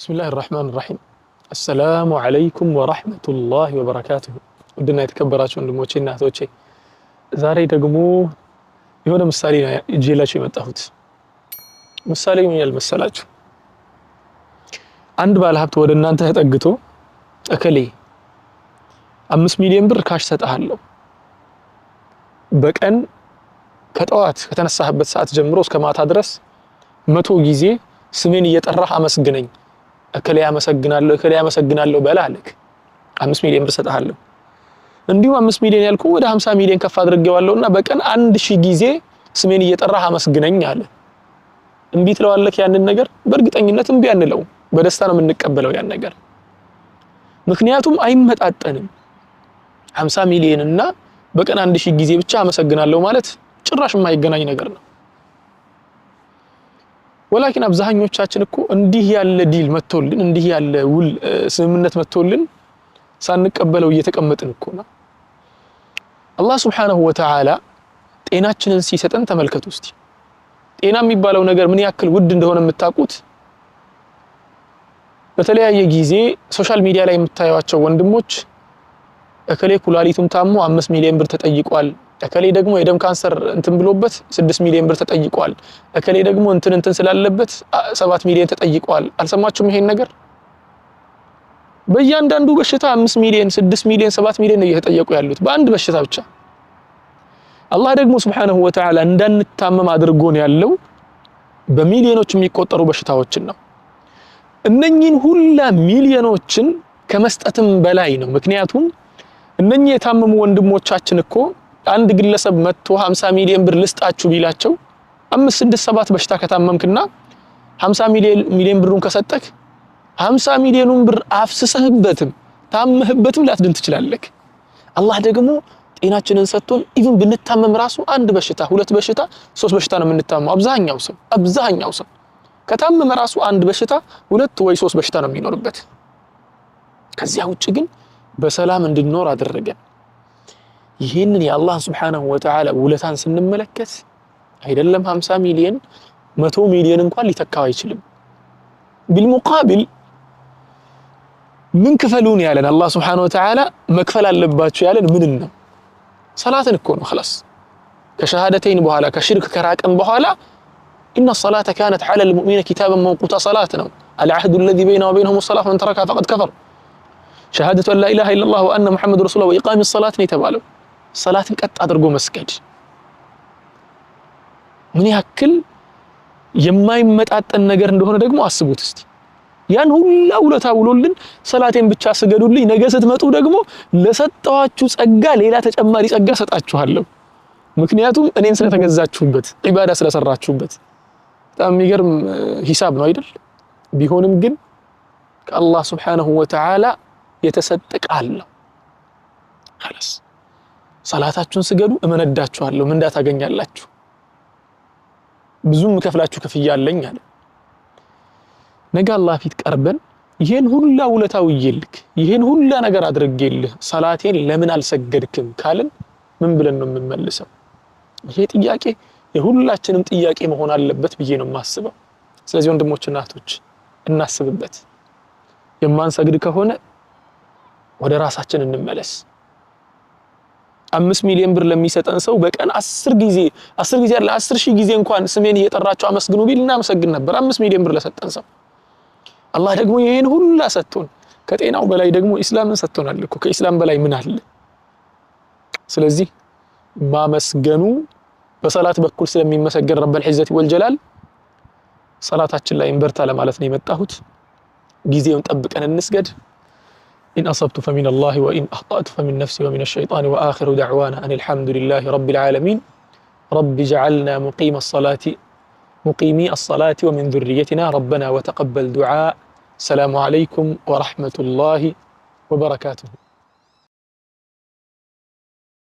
ብስሚላህ ራህማን ራሒም አሰላሙ ዓለይኩም ወራህመቱላህ ወበረካቱሁ። ውድና የተከበራቸው ወንድሞቼ እና ዛሬ ደግሞ የሆነ ምሳሌ እጄላችሁ የመጣሁት ምሳሌ ምን ያልመሰላችሁ፣ አንድ ባለሀብት ወደ እናንተ ተጠግቶ እከሌ አምስት ሚሊዮን ብር ካሽ ሰጥሃለሁ በቀን ከጠዋት ከተነሳህበት ሰዓት ጀምሮ እስከ ማታ ድረስ መቶ ጊዜ ስሜን እየጠራህ አመስግነኝ እከሌ ያመሰግናለሁ እከሌ ያመሰግናለሁ በላ አለክ። አምስት ሚሊዮን ብር ሰጥሃለሁ። እንዲሁም አምስት ሚሊዮን ያልኩ ወደ ሀምሳ ሚሊዮን ከፍ አድርጌዋለሁና በቀን አንድ ሺህ ጊዜ ስሜን እየጠራህ አመስግነኝ አለ። እምቢ ትለዋለክ ያንን ነገር? በእርግጠኝነት እምቢ አንለው፣ በደስታ ነው የምንቀበለው ያን ነገር። ምክንያቱም አይመጣጠንም። ሀምሳ ሚሊዮን እና በቀን አንድ ሺህ ጊዜ ብቻ አመሰግናለሁ ማለት ጭራሽ የማይገናኝ ነገር ነው። ወላኪን አብዛኞቻችን እኮ እንዲህ ያለ ዲል መጥቶልን እንዲህ ያለ ውል ስምምነት መጥቶልን ሳንቀበለው እየተቀመጥን እኮ ነው። አላህ ሱብሓነሁ ወተዓላ ጤናችንን ሲሰጠን ተመልከቱ እስቲ። ጤና የሚባለው ነገር ምን ያክል ውድ እንደሆነ የምታውቁት በተለያየ ጊዜ ሶሻል ሚዲያ ላይ የምታዩቸው ወንድሞች እከሌ ኩላሊቱን ታሞ አምስት ሚሊዮን ብር ተጠይቋል እከሌ ደግሞ የደም ካንሰር እንትን ብሎበት ስድስት ሚሊዮን ብር ተጠይቋል፣ እከሌ ደግሞ እንትን እንትን ስላለበት ሰባት ሚሊዮን ተጠይቋል። አልሰማችሁም ይሄን ነገር? በእያንዳንዱ በሽታ አምስት ሚሊዮን ስድስት ሚሊዮን ሰባት ሚሊዮን እየተጠየቁ ያሉት በአንድ በሽታ ብቻ። አላህ ደግሞ ስብሓነሁ ወተዓላ እንዳንታመም አድርጎን ያለው በሚሊዮኖች የሚቆጠሩ በሽታዎችን ነው። እነኚህን ሁላ ሚሊዮኖችን ከመስጠትም በላይ ነው። ምክንያቱም እነኚህ የታመሙ ወንድሞቻችን እኮ አንድ ግለሰብ መጥቶ 50 ሚሊዮን ብር ልስጣችሁ ቢላቸው አምስት ስድስት ሰባት በሽታ ከታመምክና 50 ሚሊዮን ሚሊዮን ብሩን ከሰጠክ 50 ሚሊዮኑን ብር አፍስሰህበትም ታመህበትም ላትድን ትችላለህ። አላህ ደግሞ ጤናችንን ሰጥቶን ኢቭን ብንታመም ራሱ አንድ በሽታ ሁለት በሽታ ሶስት በሽታ ነው የምንታመመው። አብዛኛው ሰው አብዛኛው ሰው ከታመመ ራሱ አንድ በሽታ ሁለት ወይ ሶስት በሽታ ነው የሚኖርበት። ከዚያ ውጭ ግን በሰላም እንድንኖር አደረገን። ይህንን የአላህ ስብሓናሁ ወተዓላ ውለታን ስንመለከት አይደለም 50 ሚሊዮን መቶ ሚሊዮን እንኳን ሊተካው አይችልም። ቢልሙቃቢል ምን ክፈሉን ያለን አላህ ስብሓነሁ ወተዓላ መክፈል አለባቸው ያለን ምንን ነው? ሰላትን እኮ ነው። ኸላስ ከሸሃደተይን በኋላ ከሽርክ ከራቅን በኋላ ኢነ ሰላተ ካነት ዐለ ልሙእሚነ ኪታበን መውቁታ ሰላት ነው። አልዓህዱ ለዚ በይና ወበይነሁም ሰላት መን ተረካ ፈቀድ ከፈር። ሸሃደቱ አን ላኢላሃ ኢለላህ ወአነ ሙሐመድ ረሱሉላህ ወኢቃሚ ሰላት ነው የተባለው። ሰላትን ቀጥ አድርጎ መስገድ ምን ያክል የማይመጣጠን ነገር እንደሆነ ደግሞ አስቡት እስቲ። ያን ሁላ ውለታ ውሎልን ሰላቴን ብቻ ስገዱልኝ፣ ነገ ስትመጡ ደግሞ ለሰጠኋችሁ ጸጋ ሌላ ተጨማሪ ጸጋ ሰጣችኋለሁ። ምክንያቱም እኔን ስለተገዛችሁበት፣ ዒባዳ ስለሰራችሁበት። በጣም የሚገርም ሂሳብ ነው አይደል? ቢሆንም ግን ከአላህ ሱብሓነሁ ወተዓላ የተሰጠ ቃል ነው። ሰላታችሁን ስገዱ እመነዳችኋለሁ፣ ምንዳ ታገኛላችሁ፣ ብዙም ከፍላችሁ ክፍያ አለኝ አለ። ነገ አላህ ፊት ቀርበን ይሄን ሁላ ውለታ ይልክ ይሄን ሁላ ነገር አድርጌልህ ሰላቴን ለምን አልሰገድክም ካልን ምን ብለን ነው የምንመልሰው? ይሄ ጥያቄ የሁላችንም ጥያቄ መሆን አለበት ብዬ ነው የማስበው። ስለዚህ ወንድሞችና እህቶች እናስብበት። የማንሰግድ ከሆነ ወደ ራሳችን እንመለስ። አምስት ሚሊዮን ብር ለሚሰጠን ሰው በቀን አስር ጊዜ አስር ጊዜ አለ አስር ሺህ ጊዜ እንኳን ስሜን እየጠራችሁ አመስግኑ ቢል እናመሰግን ነበር። አምስት ሚሊዮን ብር ለሰጠን ሰው አላህ ደግሞ ይሄን ሁላ ሰጥቶን ከጤናው በላይ ደግሞ ኢስላምን ሰጥቶናል እኮ። ከኢስላም በላይ ምን አለ? ስለዚህ ማመስገኑ በሰላት በኩል ስለሚመሰገን ረበል ዒዘቲ ወልጀላል ሰላታችን ላይ እንበርታ ለማለት ነው የመጣሁት። ጊዜውን ጠብቀን እንስገድ። إن أصبت فمن الله وإن أخطأت فمن نفسي ومن الشيطان وآخر دعوانا أن الحمد لله رب العالمين رب جعلنا مقيم الصلاة مقيمي الصلاة ومن ذريتنا ربنا وتقبل دعاء السلام عليكم ورحمة الله وبركاته